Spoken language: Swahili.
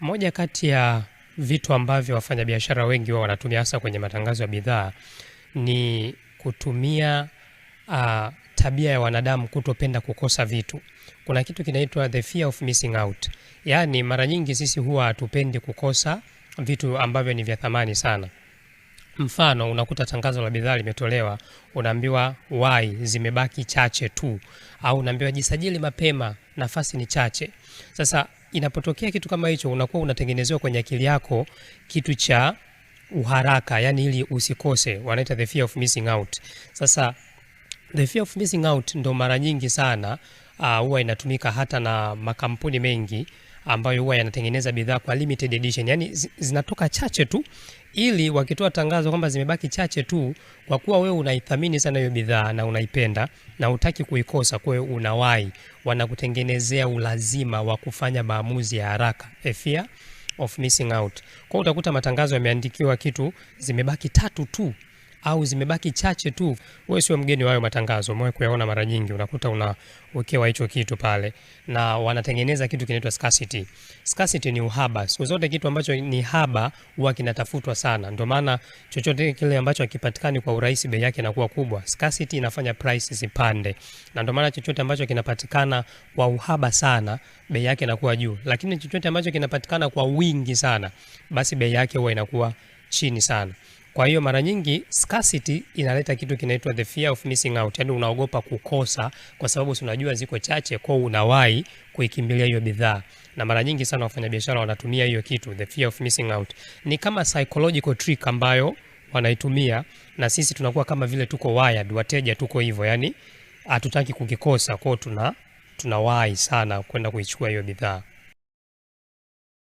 Moja kati ya vitu ambavyo wafanyabiashara wengi wao wanatumia hasa kwenye matangazo ya bidhaa ni kutumia uh, tabia ya wanadamu kutopenda kukosa vitu. Kuna kitu kinaitwa the fear of missing out, yaani mara nyingi sisi huwa hatupendi kukosa vitu ambavyo ni vya thamani sana. Mfano, unakuta tangazo la bidhaa limetolewa, unaambiwa wai zimebaki chache tu, au unaambiwa jisajili mapema, nafasi ni chache. Sasa inapotokea kitu kama hicho, unakuwa unatengenezewa kwenye akili yako kitu cha uharaka, yani ili usikose, wanaita the fear of missing out. Sasa the fear of missing out ndo mara nyingi sana uh, huwa uh, inatumika hata na makampuni mengi ambayo huwa yanatengeneza bidhaa kwa limited edition, yani zinatoka chache tu, ili wakitoa tangazo kwamba zimebaki chache tu, kwa kuwa wewe unaithamini sana hiyo bidhaa na unaipenda na utaki kuikosa, kwa hiyo unawahi, wanakutengenezea ulazima wa kufanya maamuzi ya haraka, a fear of missing out. Kwa utakuta matangazo yameandikiwa kitu zimebaki tatu tu au zimebaki chache tu, wewe sio mgeni wa hayo matangazo, umewahi kuyaona mara nyingi, unakuta unawekewa hicho kitu pale, na wanatengeneza kitu kinaitwa scarcity. Scarcity ni uhaba, siku zote kitu ambacho ni haba huwa kinatafutwa sana, ndio maana chochote kile ambacho hakipatikani kwa urahisi bei yake inakuwa kubwa. Scarcity inafanya price zipande, na ndio maana chochote ambacho kinapatikana kwa uhaba sana bei yake inakuwa juu, lakini chochote ambacho kinapatikana kwa wingi sana, basi bei yake huwa inakuwa chini sana. Kwa hiyo mara nyingi scarcity inaleta kitu kinaitwa the fear of missing out, yani unaogopa kukosa, kwa sababu unajua ziko chache, kwa unawahi kuikimbilia hiyo bidhaa, na mara nyingi sana wafanyabiashara wanatumia hiyo kitu, the fear of missing out. Ni kama psychological trick ambayo wanaitumia, na sisi tunakuwa kama vile tuko wired, wateja tuko hivyo, yani hatutaki kukikosa, kwao tuna tunawahi sana kwenda kuichukua hiyo bidhaa.